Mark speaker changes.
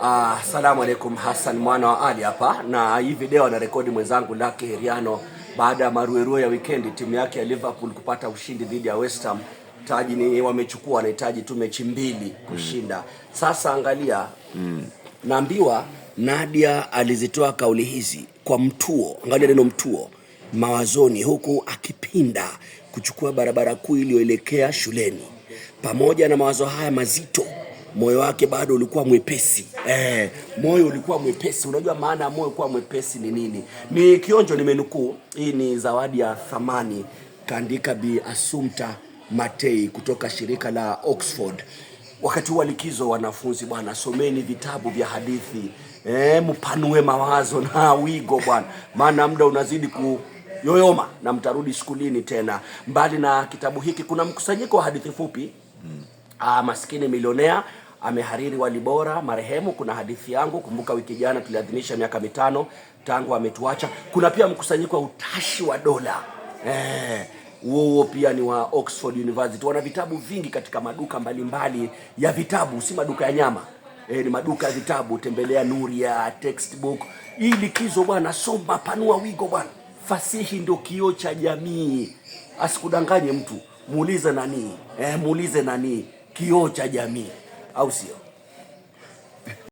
Speaker 1: Ah, salamu alaikum, Hassan mwana wa Ali hapa, na hii video anarekodi mwenzangu Lucky Heriano baada ya maruerue ya wikendi timu yake ya Liverpool kupata ushindi dhidi ya West Ham. Taji ni wamechukua, wanahitaji tu mechi mbili kushinda. Mm. Sasa angalia, mm. naambiwa Nadia alizitoa kauli hizi kwa mtuo, angalia neno mtuo, mawazoni, huku akipinda kuchukua barabara kuu iliyoelekea shuleni. Pamoja na mawazo haya mazito moyo wake bado ulikuwa mwepesi eh, moyo ulikuwa mwepesi. Unajua maana ya moyo kuwa mwepesi ni nini? Ni kionjo, nimenukuu. Hii ni zawadi ya thamani, kaandika Bi Asumta Matei kutoka shirika la Oxford. Wakati wa likizo, wanafunzi bwana, someni vitabu vya hadithi eh, mpanue mawazo na wigo bwana, maana muda unazidi ku yoyoma na mtarudi shukulini tena. Mbali na kitabu hiki, kuna mkusanyiko wa hadithi fupi mm. Ah, maskini milionea amehariri wali bora marehemu. Kuna hadithi yangu, kumbuka wiki jana tuliadhimisha miaka mitano tangu ametuacha. Kuna pia mkusanyiko wa utashi wa dola eh, huo huo pia ni wa Oxford University. Wana vitabu vingi katika maduka mbalimbali mbali ya vitabu, si maduka ya nyama eh, ni maduka ya vitabu. Tembelea Nuria textbook. Hii likizo bwana, soma, panua wigo bwana. Fasihi ndio kioo cha jamii, asikudanganye mtu. Muulize nani eh, muulize nani, kioo cha jamii. auxílio.